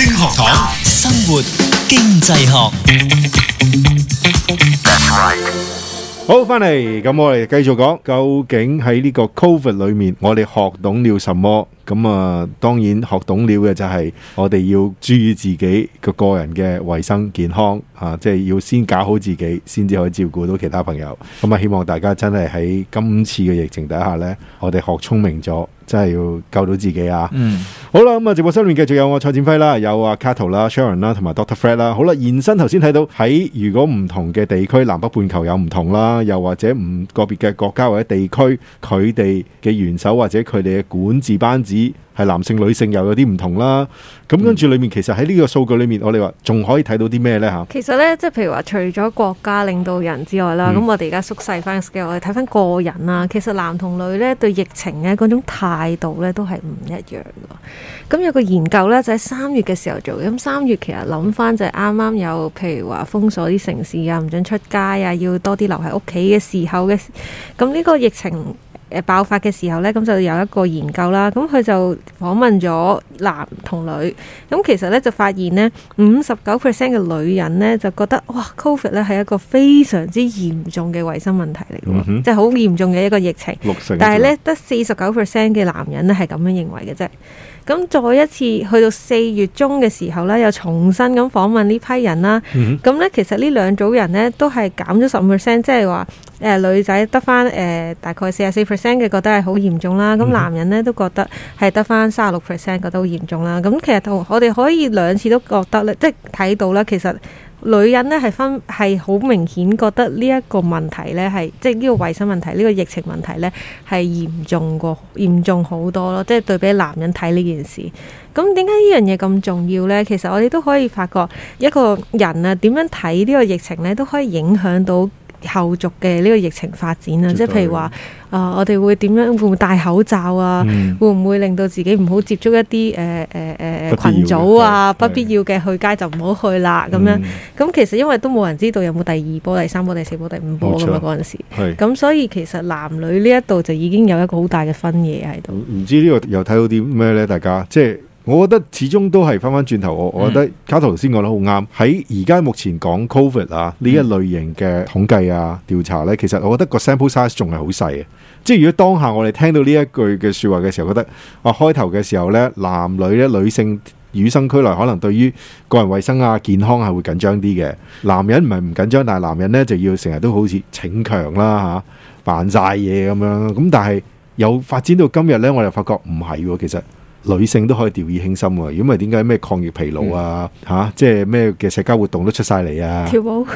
財星學堂生活經濟學，好翻嚟。咁我哋繼續講，究竟喺呢個 COVID 裏面，我哋學懂了什麼？咁啊、嗯，當然學懂了嘅就係我哋要注意自己個個人嘅衛生健康啊，即係要先搞好自己，先至可以照顧到其他朋友。咁、嗯、啊，嗯、希望大家真係喺今次嘅疫情底下呢，我哋學聰明咗，真係要救到自己啊！嗯，好啦，咁啊，直播室裏面繼續有我蔡展輝啦，有啊 Cattle 啦、Sharon 啦，同埋 Doctor Fred 啦。好啦，現身頭先睇到喺如果唔同嘅地區南北半球有唔同啦，又或者唔個別嘅國家或者地區，佢哋嘅元首或者佢哋嘅管治班子。係男性、女性又有啲唔同啦，咁跟住裏面其實喺呢個數據裏面，我哋話仲可以睇到啲咩呢？吓？其實呢，即係譬如話除咗國家領導人之外啦，咁、嗯、我哋而家縮細翻個 scale 我哋睇翻個人啊，其實男同女呢，對疫情嘅嗰種態度呢，都係唔一樣噶。咁有個研究呢，就喺、是、三月嘅時候做嘅，咁三月其實諗翻就係啱啱有譬如話封鎖啲城市啊，唔準出街啊，要多啲留喺屋企嘅時候嘅，咁呢個疫情。誒爆發嘅時候咧，咁就有一個研究啦。咁佢就訪問咗男同女。咁其實咧就發現呢，五十九 percent 嘅女人咧就覺得，哇，Covid 咧係一個非常之嚴重嘅衞生問題嚟嘅，即係好嚴重嘅一個疫情。六成，但係咧得四十九 percent 嘅男人咧係咁樣認為嘅啫。咁再一次去到四月中嘅時候咧，又重新咁訪問呢批人啦。咁咧、嗯、哼其實呢兩組人咧都係減咗十五 percent，即係話誒女仔得返誒大概四十四 percent 嘅覺得係好嚴重啦，咁男人咧都覺得係得翻卅六 percent 覺得好嚴重啦。咁其實我我哋可以兩次都覺得咧，即係睇到咧，其實女人咧係分係好明顯覺得呢一個問題咧係即係呢個衞生問題、呢個疫情問題咧係嚴重過嚴重好多咯。即係對比男人睇呢件事，咁點解呢樣嘢咁重要咧？其實我哋都可以發覺一個人啊點樣睇呢個疫情咧，都可以影響到。後續嘅呢個疫情發展啊，即係譬如話，啊、呃，我哋會點樣會唔會戴口罩啊？嗯、會唔會令到自己唔好接觸一啲誒誒誒羣組啊？不必要嘅去街就唔好去啦咁樣。咁、嗯、其實因為都冇人知道有冇第二波、第三波、第四波、第五波咁啊，嗰陣時係，咁所以其實男女呢一度就已經有一個好大嘅分野喺度。唔知呢個又睇到啲咩咧？大家即係。我覺得始終都係翻翻轉頭，我我覺得、嗯、卡頭先講得好啱。喺而家目前講 Covid 啊呢一類型嘅統計啊、嗯、調查呢，其實我覺得個 sample size 仲係好細嘅。即係如果當下我哋聽到呢一句嘅說話嘅時候，覺得啊開頭嘅時候呢，男女呢女性與生俱來可能對於個人衛生啊健康係會緊張啲嘅。男人唔係唔緊張，但係男人呢就要成日都好似逞強啦吓，扮晒嘢咁樣。咁但係有發展到今日呢，我就發覺唔係其實。女性都可以掉以輕心㗎。如果唔係點解咩抗疫疲勞啊？嚇、嗯啊，即係咩嘅社交活動都出晒嚟啊，跳舞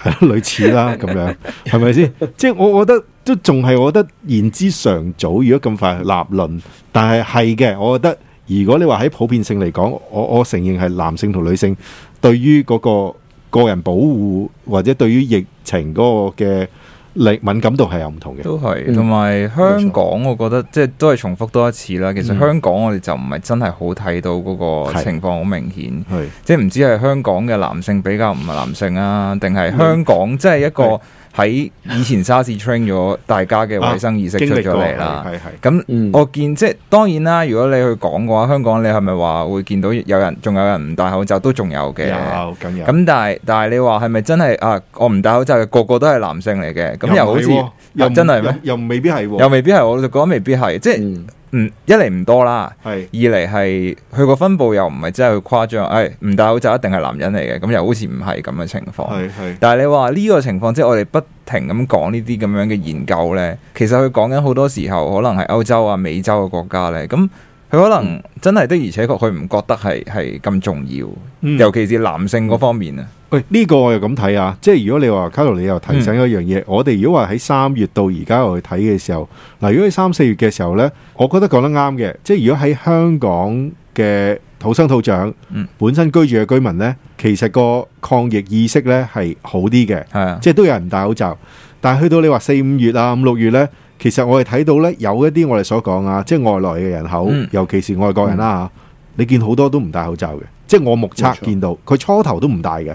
係咯， 類似啦咁樣，係咪先？ 即係我覺得都仲係，我覺得言之尚早。如果咁快立論，但係係嘅，我覺得如果你話喺普遍性嚟講，我我承認係男性同女性對於嗰個個人保護或者對於疫情嗰個嘅。敏感度係有唔同嘅，都係同埋香港，我覺得、嗯、即係都係重複多一次啦。其實香港我哋就唔係真係好睇到嗰個情況好明顯，即係唔知係香港嘅男性比較唔係男性啊，定係香港即係一個。嗯喺以前沙士 train 咗大家嘅衛生意識出咗嚟啦，係係咁我見即係當然啦。如果你去講嘅話，香港你係咪話會見到有人仲有人唔戴口罩都仲有嘅，咁樣。咁但係但係你話係咪真係啊？我唔戴口罩嘅個個都係男性嚟嘅，咁又好似又、啊、又啊、真係咩？又、又、又、未啊，又未必係，又未必係，我就覺得未必係，即係。嗯唔一嚟唔多啦，是二嚟，係佢個分布又唔係真係誇張，誒，唔戴口罩一定係男人嚟嘅，咁又好似唔係咁嘅情況。是是但係你話呢個情況，即係我哋不停咁講呢啲咁樣嘅研究呢，其實佢講緊好多時候可能係歐洲啊、美洲嘅國家呢。咁。佢可能真係的，而且確佢唔覺得係係咁重要，嗯、尤其是男性嗰方面啊。喂，呢個我又咁睇啊，即係如果你話卡羅里又提醒一樣嘢，嗯、我哋如果話喺三月到而家我去睇嘅時候，嗱，如果喺三四月嘅時候呢，我覺得講得啱嘅，即係如果喺香港嘅土生土長、本身居住嘅居民呢，其實個抗疫意識呢係好啲嘅，嗯、即係都有人戴口罩，但係去到你話四五月啊、五六月呢。其實我哋睇到咧，有一啲我哋所講啊，即係外來嘅人口，尤其是外國人啦。你見好多都唔戴口罩嘅，即係我目測見到，佢初頭都唔戴嘅。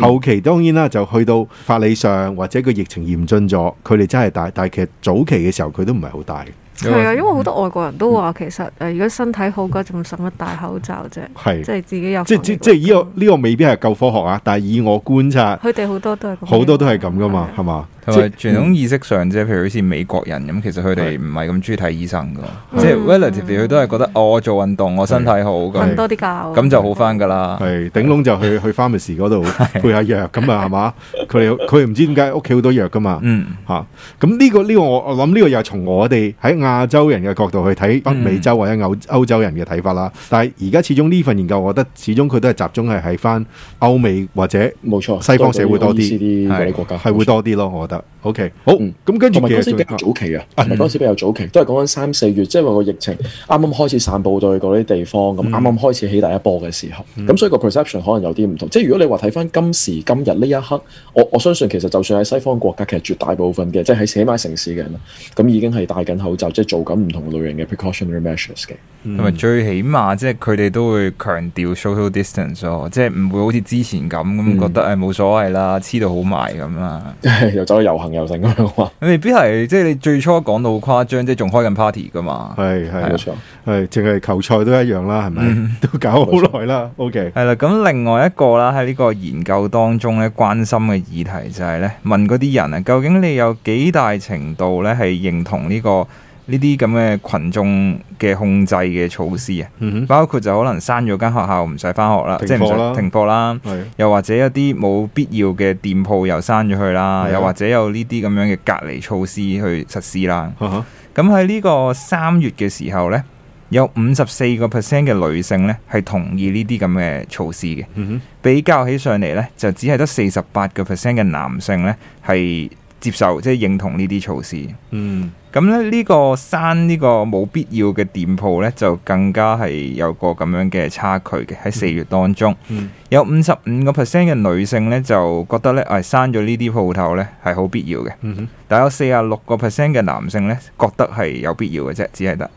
後期當然啦，就去到法理上或者個疫情嚴峻咗，佢哋真係戴。但係其實早期嘅時候，佢都唔係好戴嘅。係啊，因為好多外國人都話，其實誒，如果身體好嘅仲使乜戴口罩啫？即係自己有。即即即係呢個呢個未必係夠科學啊！但係以我觀察，佢哋好多都係好多都係咁噶嘛？係嘛？傳統意識上啫，譬如好似美國人咁，其實佢哋唔係咁中意睇醫生噶，即係 relative 佢都係覺得我做運動，我身體好咁，就好翻噶啦。係頂籠就去去 pharmacy 嗰度配下藥咁啊，係嘛？佢哋佢唔知點解屋企好多藥噶嘛。咁呢個呢個我我諗呢個又係從我哋喺亞洲人嘅角度去睇北美洲或者歐歐洲人嘅睇法啦。但係而家始終呢份研究，我覺得始終佢都係集中係喺翻歐美或者冇錯西方社會多啲啲國家係會多啲咯，我覺得。O.K. 好，咁、嗯、跟住同埋嗰時比較早期啊，同埋嗰時比較早期，都係講緊三四月，即係話個疫情啱啱開始散佈到去嗰啲地方，咁啱啱開始起第一波嘅時候，咁、嗯、所以個 perception 可能有啲唔同。即係、嗯、如果你話睇翻今時今日呢一刻，我我相信其實就算喺西方國家，其實絕大部分嘅，即係喺寫碼城市嘅人啦，咁已經係戴緊口罩，即、就、係、是、做緊唔同類型嘅 precautionary measures 嘅。同埋、嗯嗯、最起碼即係佢哋都會強調 social distance 囉，即係唔會好似之前咁咁、嗯、覺得誒冇所謂啦，黐到好埋咁啦， 遊行又成咁樣，未必係，即係你最初講到好誇張，即係仲開緊 party 噶嘛？係，係冇錯，係淨係球賽都一樣啦，係咪？嗯、都搞好耐啦。OK，係啦。咁另外一個啦，喺呢個研究當中咧，關心嘅議題就係咧，問嗰啲人啊，究竟你有幾大程度咧係認同呢個？呢啲咁嘅群眾嘅控制嘅措施啊，嗯、哼包括就可能閂咗間學校唔使返學啦，停課啦，停課啦，又或者一啲冇必要嘅店鋪又閂咗佢啦，又或者有呢啲咁樣嘅隔離措施去實施啦。咁喺呢個三月嘅時候呢，有五十四個 percent 嘅女性呢係同意呢啲咁嘅措施嘅。嗯、哼比較起上嚟呢，就只係得四十八個 percent 嘅男性呢係接受即係、就是、認同呢啲措施。嗯咁咧呢個刪呢個冇必要嘅店鋪呢，就更加係有個咁樣嘅差距嘅。喺四月當中，嗯、有五十五個 percent 嘅女性呢，就覺得呢，哎「係刪咗呢啲鋪頭呢係好必要嘅。嗯、哼但有四十六個 percent 嘅男性呢，覺得係有必要嘅啫，只係得。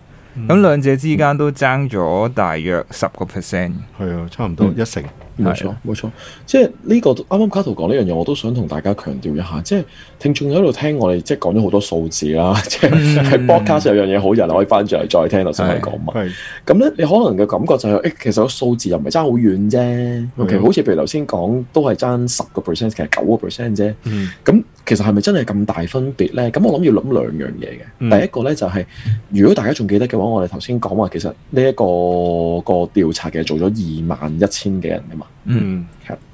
咁兩、嗯、者之間都爭咗大約十個 percent。係、嗯、啊，差唔多一成。嗯冇錯，冇錯，即係呢、這個啱啱卡圖講呢樣嘢，我都想同大家強調一下，即係聽眾喺度聽我哋，即係講咗好多數字啦，即係播客有樣嘢好嘅，我 人可以翻轉嚟再聽頭先嚟講嘛。咁咧，你可能嘅感覺就係、是欸，其實個數字又唔係差遠、嗯、好遠啫，好似譬如頭先講都係爭十個 percent，其實九個 percent 啫。咁、嗯、其實係咪真係咁大分別咧？咁我諗要諗兩樣嘢嘅，嗯、第一個咧就係、是、如果大家仲記得嘅話，我哋頭先講話，其實呢、這、一個個調查嘅做咗二萬一千幾人。嗯，係、mm hmm.，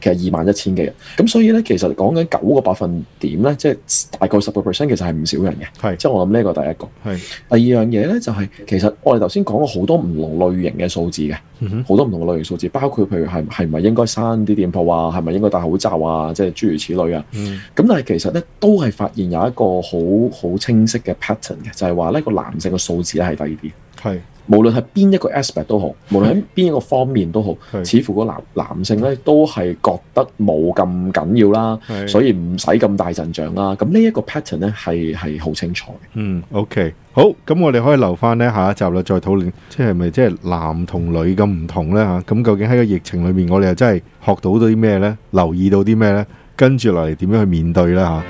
其實二萬一千幾人，咁所以咧，其實講緊九個百分點咧，即係大概十個 percent，其實係唔少人嘅，係是，即係我諗呢個第一個，係是。第二樣嘢咧，就係、是、其實我哋頭先講過好多唔同類型嘅數字嘅，好、mm hmm. 多唔同類型數字，包括譬如係係唔係應該閂啲店鋪啊，係咪應該戴口罩啊，即係諸如此類啊，咁、mm hmm. 但係其實咧，都係發現有一個好好清晰嘅 pattern 嘅，就係、是、話呢個男性嘅數字咧係低啲。係，是無論係邊一個 aspect 都好，無論喺邊一個方面都好，是似乎個男男性咧都係覺得冇咁緊要啦，是所以唔使咁大陣仗啦。咁呢一個 pattern 咧係係好清楚嘅。嗯，OK，好，咁我哋可以留翻咧下一集啦，再討論，即係咪即係男同女咁唔同咧吓？咁、啊、究竟喺個疫情裏面，我哋又真係學到到啲咩咧？留意到啲咩咧？跟住落嚟點樣去面對啦？啊